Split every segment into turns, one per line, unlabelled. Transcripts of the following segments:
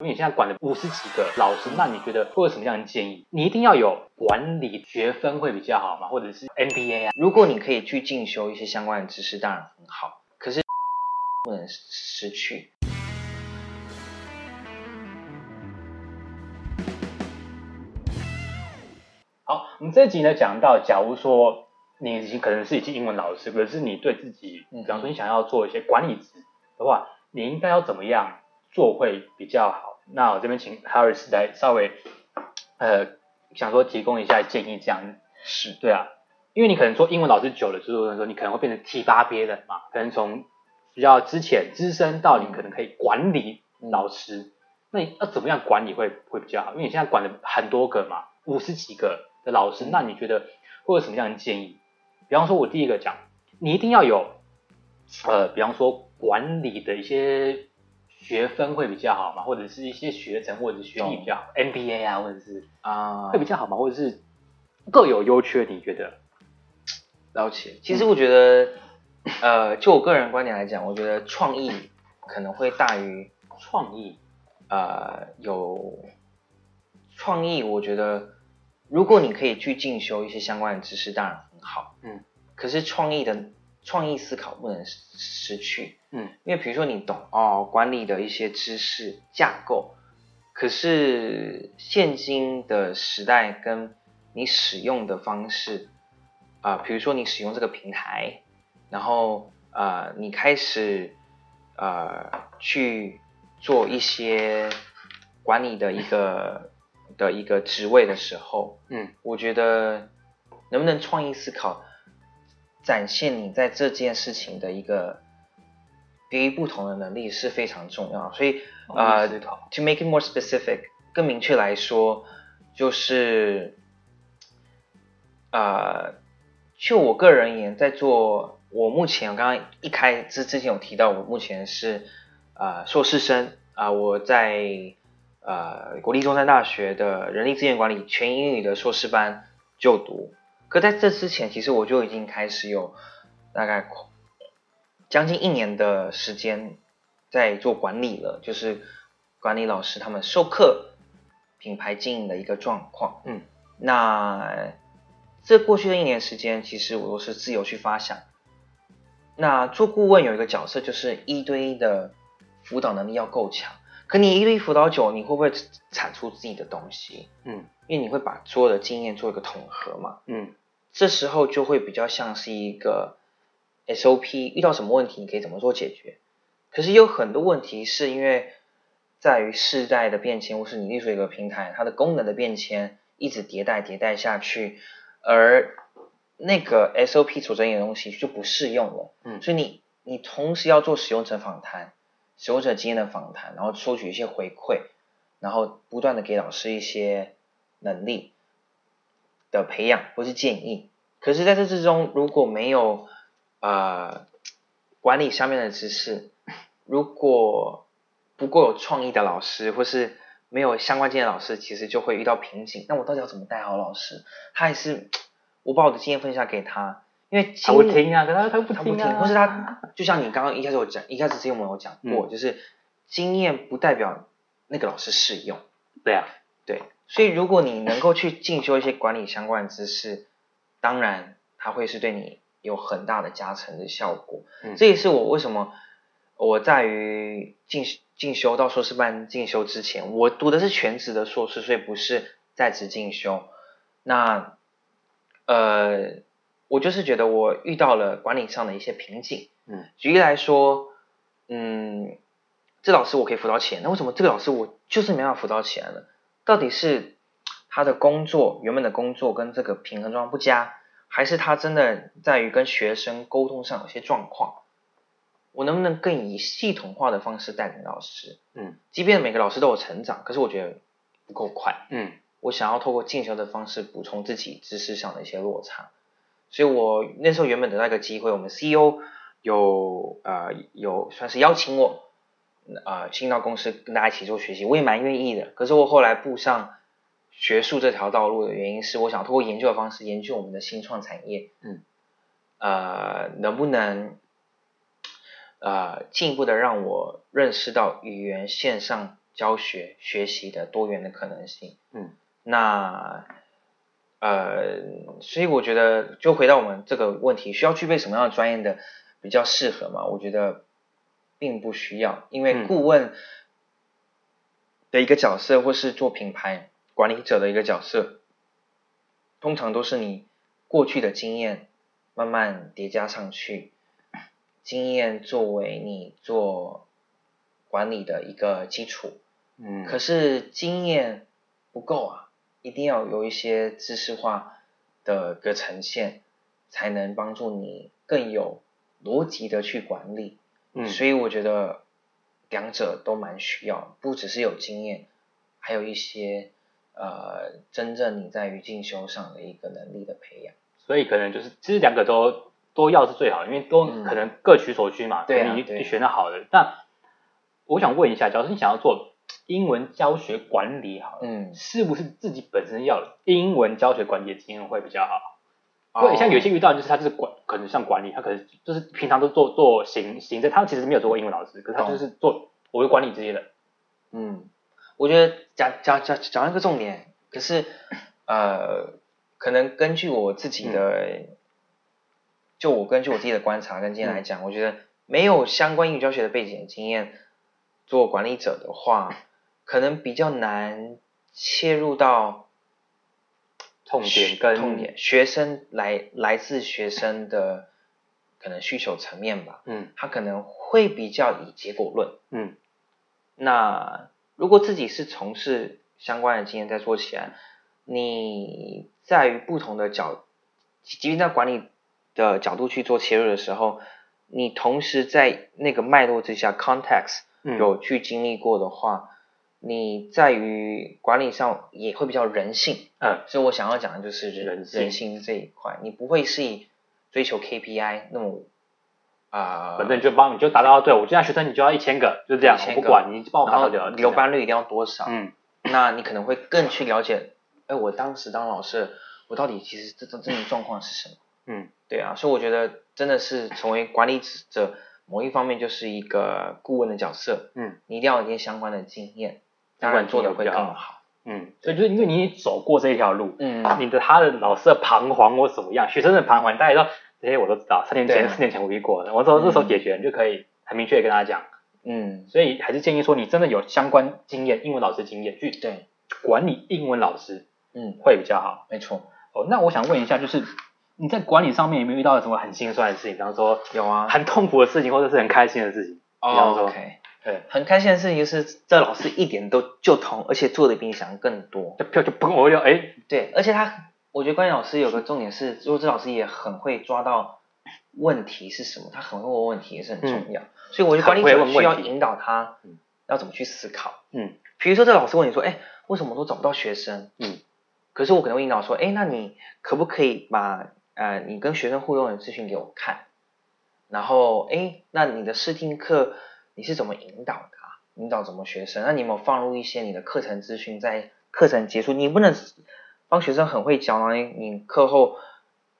因為你現在管了五十幾個老師，那你覺得會有什麼樣的建議？你一定要有管理學
分會比較好嗎？或者是 MBA 啊？如果你可以去進修一些相關的知識，當然很好。可是不能失去。好，我們
這一集呢講到，假如說你已經可能是一些英文老師，或者是你對自己，比方說你想要做一些管理職的話，你應該要怎麼樣做會比較好？那我這邊請 Harris 來稍微，呃，想說提供一下建議，這樣是對啊，因為你可能做英文老師久了，之後，說你可能會變成提拔別人嘛，可能從比較之前資深到你可能可以管理老師，那你要怎麼樣管理會會比較好？因為你現在管了很多個嘛，五十幾個的老師，那你覺得會有什麼樣的建議？比方說我第一個講，你一定要有，呃，比方說管理的一些。學分會比較好嘛，或者是一些學成或者學歷比較好<對 >MBA 啊，或者是啊，呃、會比較好嗎？或者是各有優缺，你覺得？
老錢，其實我覺得，嗯、呃，就我個人觀點來講，我覺得創意可能會大於創意，呃，有創意，我覺得如果你可以去進修一些相關的知識，當然很好，嗯。可是創意的。創意思考不能失去，嗯，因為比如說你懂哦管理的一些知識架構，可是現今的時代跟你使用的方式，啊、呃，比如說你使用這個平台，然後呃你開始呃去做一些管理的一個、嗯、的一個職位的時候，嗯，我覺得能不能創意思考？展現你在這件事情的一個別不同的能力是非常重要，所以啊，to make it more specific，更明確來說，就是啊，uh, 就我個人而言在做，我目前我剛剛一開之之前有提到，我目前是呃、uh, 碩士生啊，uh, 我在啊、uh, 國立中山大學的人力資源管理全英語的碩士班就讀。可在這之前，其實我就已經開始有大概將近一年的時間在做管理了，就是管理老師他們授課、品牌經營的一個狀況。嗯，那這過去的一年的時間，其實我都是自由去發想。那做顧問有一個角色，就是一對一的輔導能力要夠強。可你一對一輔導久，你會不會產出自己的東西？嗯，因為你會把所有的經驗做一個統合嘛。嗯，這時候就會比較像是一個 S O P，遇到什麼問題你可以怎麼做解決？可是有很多問題是因為在於世代的變遷，或是你隸屬一個平台，它的功能的變遷一直迭代迭代下去，而那個 S O P 存在的東西就不適用了。嗯，所以你你同時要做使用者訪談。使用者經驗的訪談，然後抽取一些回饋，然後不斷的給老師一些能力的培養或是建議。可是，在這之中，如果沒有呃管理上面的知識，如果不夠有創意的老師或是沒有相關經驗的老師，其實就會遇到瓶頸。那我到底要怎麼帶好老師？他還是我把我的經驗分享給他。因為他會、啊、聽啊，
可是他,他不聽啊，他不聽，或是他
就像你剛剛一開始有講，一開始之前我們有講過，嗯、就是經驗不代表那個老師適用，對啊、嗯，對，所以如果你能夠去進修一些管理相關的知識，當然他會是對你有很大的加成的效果。嗯、這也是我為什麼我在於進修進修到碩士班進修之前，我讀的是全職的碩士，所以不是在職進修。那呃。我就是覺得我遇到了管理上的一些瓶頸。嗯，舉例來說，嗯，這老師我可以輔導起來，那為什麼這個老師我就是沒辦法輔導起來呢？到底是他的工作原本的工作跟這個平衡狀況不佳，還是他真的在於跟學生溝通上有些狀況？我能不能更以系統化的方式帶領老師？嗯，即便每個老師都有成長，可是我覺得不夠快。嗯，我想要透過進修的方式補充自己知識上的一些落差。所以我那時候原本的那個機會，我們 CEO 有呃，有算是邀請我，呃，進到公司跟大家一起做學習，我也蠻願意的。可是我後來步上學術這條道路的原因是，我想通過研究的方式研究我們的新創產業，嗯，呃能不能呃進一步的讓我認識到語言線上教學學習的多元的可能性，嗯，那。呃，所以我覺得，就回到我們這個問題，需要具備什麼樣的專業的比較適合嘛？我覺得並不需要，因為顧問的一個角色，或是做品牌管理者的一個角色，通常都是你過去的經驗慢慢疊加上去，經驗作為你做管理的一個基礎。嗯，可是經驗不夠啊。一定要有一些知識化的個呈現，才能幫助你更有邏輯的去管理。嗯，所以我覺得兩者都蠻需要，不只是有經驗，還有一些呃，真正你在於進修上的一個能力的培養。
所以可能就是其實兩個都都要是最好的，因為都可能各取所需嘛。對、嗯，你選的好的。但、啊、我想問一下，假如你想要做。英文教學管理好，嗯，是不是自己本身要的英文教學管理的經驗會比較
好？對，像有些遇
到就是他就是管，可能像管理，哦、他可能就是平常都做做行
行政，他其實沒有做過英文老師，可是他就是做，懂我的管理之類的。嗯，我覺得講講講講到一個重點，可是呃，可能根據我自己的，嗯、就我根據我自己的觀察跟經驗來講，嗯、我覺得沒有相關英語教學的背景的經驗，做管理者的話。嗯可能比較難切入到痛點，跟學生來、嗯、來自學生的可能需求層面吧。嗯，他可能會比較以結果論。嗯，那如果自己是從事相關的經驗在做起來，你在於不同的角，即便在管理的角度去做切入的時候，你同時在那個脈絡之下，context 有去經歷過的話。嗯你在於管理上也會比較人性，嗯，所以我想要講的就是人性這一塊，人性，你不會是以追求 KPI 那麼啊，呃，反正就幫你就達到對，對我現在學生你就要一千個，就這樣，我不管你幫我看到就留班率一定要多少，嗯，那你可能會更去了解，哎，我當時當老師，我到底其實這種這種狀況是什麼？嗯，對啊，所以我覺得真的是成為管理者某一方面就是一個顧問的角色，嗯，你一定要有一些相關的經驗。當然做的會比較好，嗯，所以就是因為你走過這一條路，嗯，你的他的老師的彷
徨或怎麼樣，學生的彷徨，大家知道這些我都知道，三年前、四年前我也過了，我說這時候解決，你就可以很明確的跟他講，嗯，所以還是建議說你真的有相關經驗，英文老師經驗去管理英文老師，嗯，會比較好，沒錯。哦，那我想問一下，就是你在管理上面有沒有遇到什麼很心酸的事情？比方說有啊，很痛苦的事情，或
者是很開心的事情？比方說。對，很開心的事情就是這老師一點都就通，而且做的比你想的更多，這票就崩我要哎。對，而且他，我覺得管理老師有個重點是，如果這老師也很會抓到問題是什麼，他很會問問題也是很重要，嗯、所以我覺得管理者需要引導他、嗯、要怎麼去思考。嗯，比如說這老師問你說，哎，為什麼我都找不到學生？嗯，可是我可能會引導說，哎，那你可不可以把呃你跟學生互動的資訊給我看？然後哎，那你的試聽課。你是怎麼引導他、啊？引導怎麼學生？那你有，沒有放入一些你的課程資訊在課程結束？你不能幫學生很會教嗎？然後你課後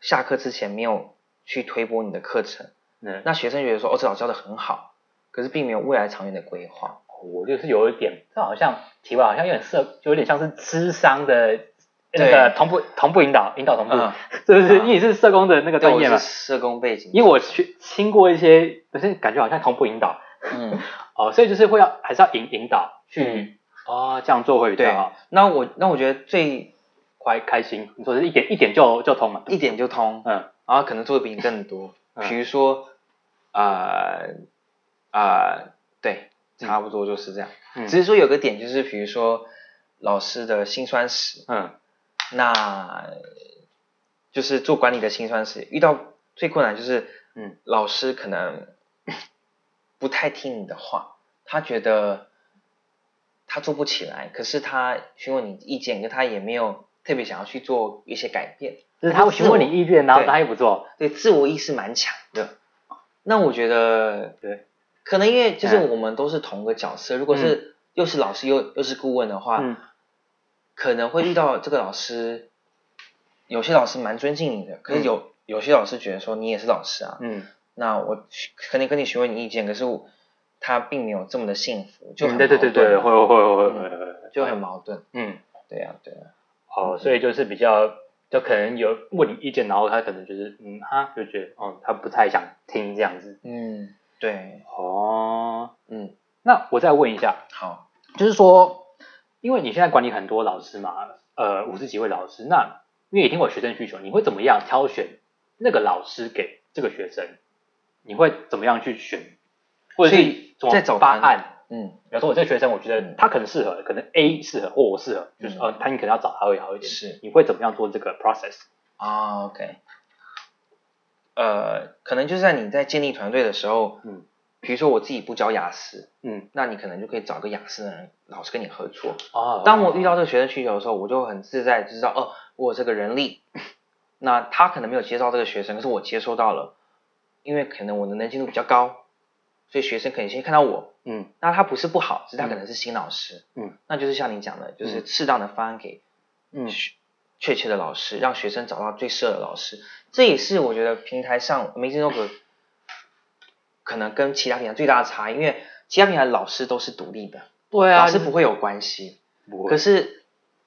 下課之前沒有去推播你的課程？嗯、那學生覺得說哦，這老師教的很好，可是並沒有未來長遠的規劃。我就是有一點，這好像題
外，提好像有點社，就有點像是諮商的，對那個同步同步引導，引導同步，是、嗯、不是？因為、嗯、你，你是社工的那個專業嗎？是
社工背景，
因為我去聽過一些，可是感覺好像同步引導。嗯，哦，所以就是會要還是要引引導
去啊、嗯
哦、這樣做會比較好。那我那我覺得最快開心，你說是一點一點就就
通嘛，一點就通，嗯，然後可能做的比你更多。嗯、比如說啊啊、呃呃，對，差不多就是這樣。嗯、只是說有個點就是，比如說老師的辛酸史，嗯，那就是做管理的辛酸史，遇到最困難就是，嗯，老師可能。不太聽你的話，他覺得他做不起來，可是他詢問你意見，可他也沒有特別想要去做一些改變。就是他會詢問你意見，然後答應不做。對，對，自我意識蠻強的。對那我覺得，對，可能因為就是我們都是同一個角色。如果是又是老師又、嗯、又是顧問的話，嗯、可能會遇到這個老師，嗯、有些老師蠻尊敬你的，可是有、嗯、有些老師覺得說你也是老師啊。嗯。那我肯定跟你詢問你意見，可是他並沒有這麼的幸福，就是、很矛盾、嗯。對對對對，後會會會、嗯、會會就很矛盾。嗯對、啊，對啊對啊。哦好，嗯、所以就是比較，就可能有
問你意見，然後他可能就是嗯，他就覺得哦、嗯，他不太想聽這樣子。嗯，對。哦，嗯，那我再問一下，好，就是說，因為你現在管理很多老師嘛，呃，五十幾位老師，那因為你聽過學生需求，你會怎麼樣挑選那個老師給這個學生？你會怎麼樣去選，會，去是再找答案？嗯，比方說我這個學生，我覺得他可能適合，嗯、可能
A 適合，或我適合，嗯、就是呃，他你可能要找他會好一點。是，你會怎麼樣做這個 process？啊，OK，呃，可能就是在你在建立團隊的時候，嗯，比如說我自己不教雅思，嗯，那你可能就可以找個雅思的人，老師跟你合作。啊，當我遇到這個學生需求的時候，我就很自在，就知道哦，我這個人力，那他可能沒有接受這個學生，可是我接收到了。因為可能我的能見度比較高，所以學生可能先看到我，嗯，那他不是不好，只是他可能是新老師，嗯，那就是像你講的，就是適當的方案給嗯，嗯，確切的老師，讓學生找到最適合的老師，這也是我覺得平台上 AmazingTalker 可能跟其他平台最大的差異，因為其他平台的老師都是獨立的，對啊，是不會有關係，會可是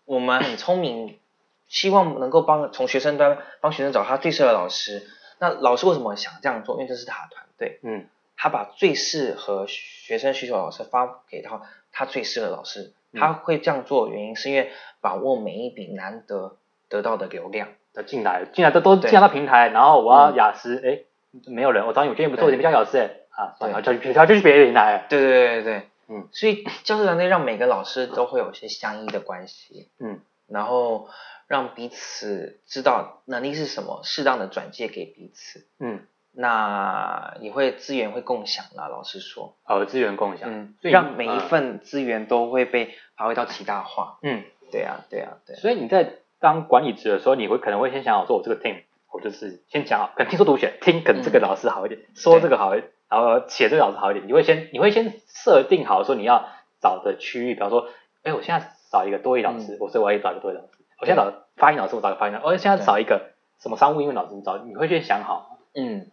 我們很聰明，希望能夠幫從學生端幫學生找他最適合的老師。那老師為什麼想這樣做？因為這是他的團隊，嗯，他把最適合學生需求的老師發給他，他最適合老師，他會這樣做原因是因為把握每一筆難得得到的流量的進來，進來都都進到他平台，然後我要雅思，哎，沒有人，我找你，我這邊不做，你別教雅思，啊，對，啊，教其他就是別人來，對對對對對，嗯，所以教師團隊讓每個老師都會有一些相依的關係，嗯。然後讓彼此知道能力是什麼，適當的轉借給彼此。嗯，那你會資源會共享啦。老實說，的、哦、資源共享，嗯，所以讓每一份資源都會被發揮到
極大化。嗯，對啊，對啊，對。所以你在當管理職的時候，你會可能會先想好說，我這個 team，我就是先講好，可能聽說讀寫聽，可能這個老師好一點，嗯、說這個好一點，對然後寫這個老師好一點，你會先你會先設定好說你要找的區域，比方說，哎，我現在。找一個多益老師，嗯、所以我稍我也找一個多益老師。我現在找對發音老師，我找個發音老師。我、哦、現在找一個對
什麼商務英語老師，你找你會去想好。嗯，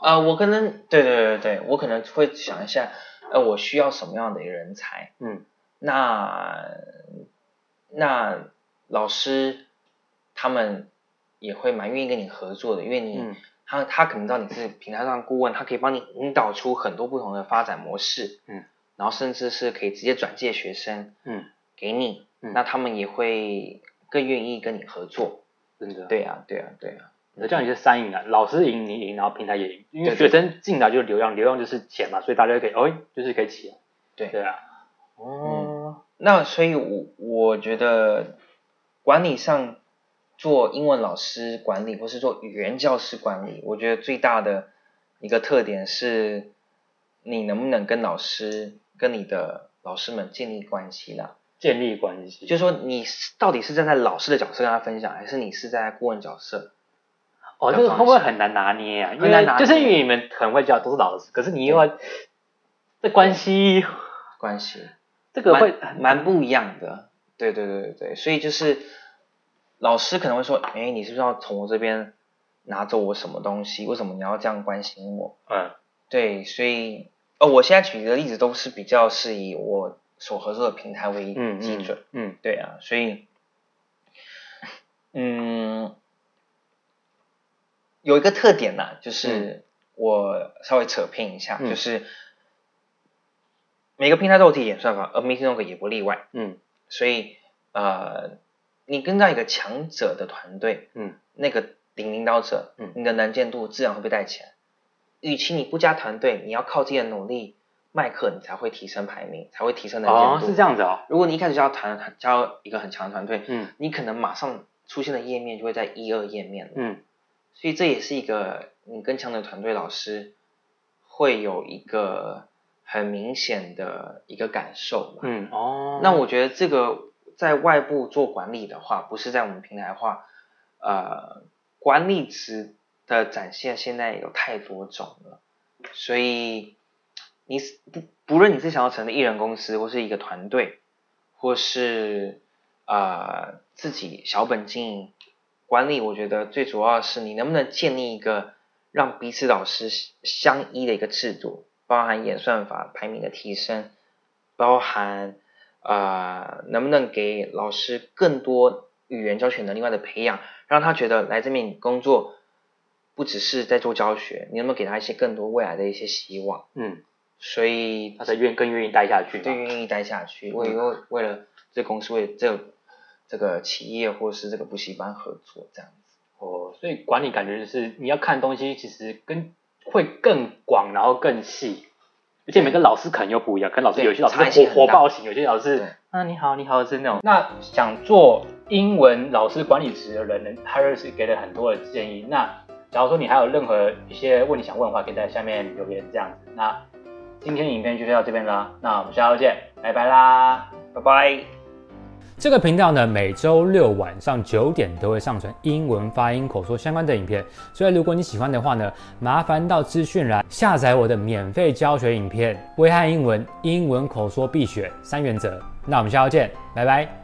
呃，我可能對對對對，我可能會想一下，呃，我需要什麼樣的一個人才？嗯，那那老師他們也會蠻願意跟你合作的，因為你、嗯、他他可能知道你是平台上顧問，他可以幫你引導出很多不同的發展模式。嗯，然後甚至是可以直接轉介學生。嗯。給你，嗯、那他們也會更願意跟你合作，真的。對啊。對啊，對啊，
對啊。那這樣你就是三贏啊，老師贏，贏，你贏，然後平台也贏，對對，因為學生進來就是流量，流量就是錢嘛，所以大家就可以，哦，就是可以起。對，對啊。哦、嗯，
嗯、那所以我，我我覺得管理上做英文老師管理，或是做語言教師管理，我覺得最大的一個特點是你能不能跟老師跟你的老師們建立關係了。建立關係，就是說你是到底是站在老師的角色，跟他分享，還是你是在顧問角色？哦，
這個會不會很難拿捏啊？因
為就是因
為你們很會教都是老師，可是你又要對這關係、哦，關係，這個
會蠻不一樣的。對對對對對，所以就是老師可能會說，哎、欸，你是不是要從我這邊拿走我什麼東西？為什麼你要這樣關心我？嗯，對，所以哦，我現在舉的例子都是比較適宜我。所合作的平台為基準，嗯，嗯嗯對啊，所以，嗯，有一個特點呢、啊，就是我稍微扯偏一下，嗯、就是每個平台都有自己演算法，而 Amazingtalker 也不例外，嗯，所以，呃，你跟到一個強者的團隊，嗯，那個領領導者，嗯，你的能見度自然會被帶起來。與其你不加團隊，你要靠自己的努力。賣課你才會提升排名，才會提升的。哦，是這樣子哦。如果你一開始就要團，加一個很強的團隊，嗯，你可能馬上出現的頁面就會在一二頁面了，嗯。所以這也是一個你跟強的團隊老師，會有一個很明顯的一個感受，嗯哦。那我覺得這個在外部做管理的話，不是在我們平台的話，呃，管理職的展現現在有太多種了，所以。你是不，不論你是想要成立一人公司，或是一個團隊，或是啊、呃、自己小本經營管理，我覺得最主要的是你能不能建立一個讓彼此老師相依的一個制度，包含演算法排名的提升，包含啊、呃、能不能給老師更多語言教學能力外的培養，讓他覺得來這邊工作不只是在做教學，你能不能給他一些更多未來的一些希望？嗯。所以他才願更願意待下去，更願意待下去。下去為,為了、這個、為了這公、個、司，為了這這個企業或者是這個補習班合作這樣子。哦，
所以管理感覺就是你要看東西，其實跟會更廣，然後更細。而且每個老師可能又不一樣，嗯、可能老師對有些老師火火爆型，有些老師對啊你好你好是那種。嗯、那想做英文老師管理職的人呢 Harris 給了很多的建議。那假如說你還有任何一些問題想問的話，可以在下面留言這樣子。那今天的影片就到這邊啦。那我們下周見，拜拜啦，拜拜。這個頻道呢，每周六晚上九點都會上傳英文發音口說相關的影片，所以如果你喜歡的話呢，麻煩到資訊欄下載我的免費教學影片《威翰英文英文口說必學三原則》。那我們下周見，拜拜。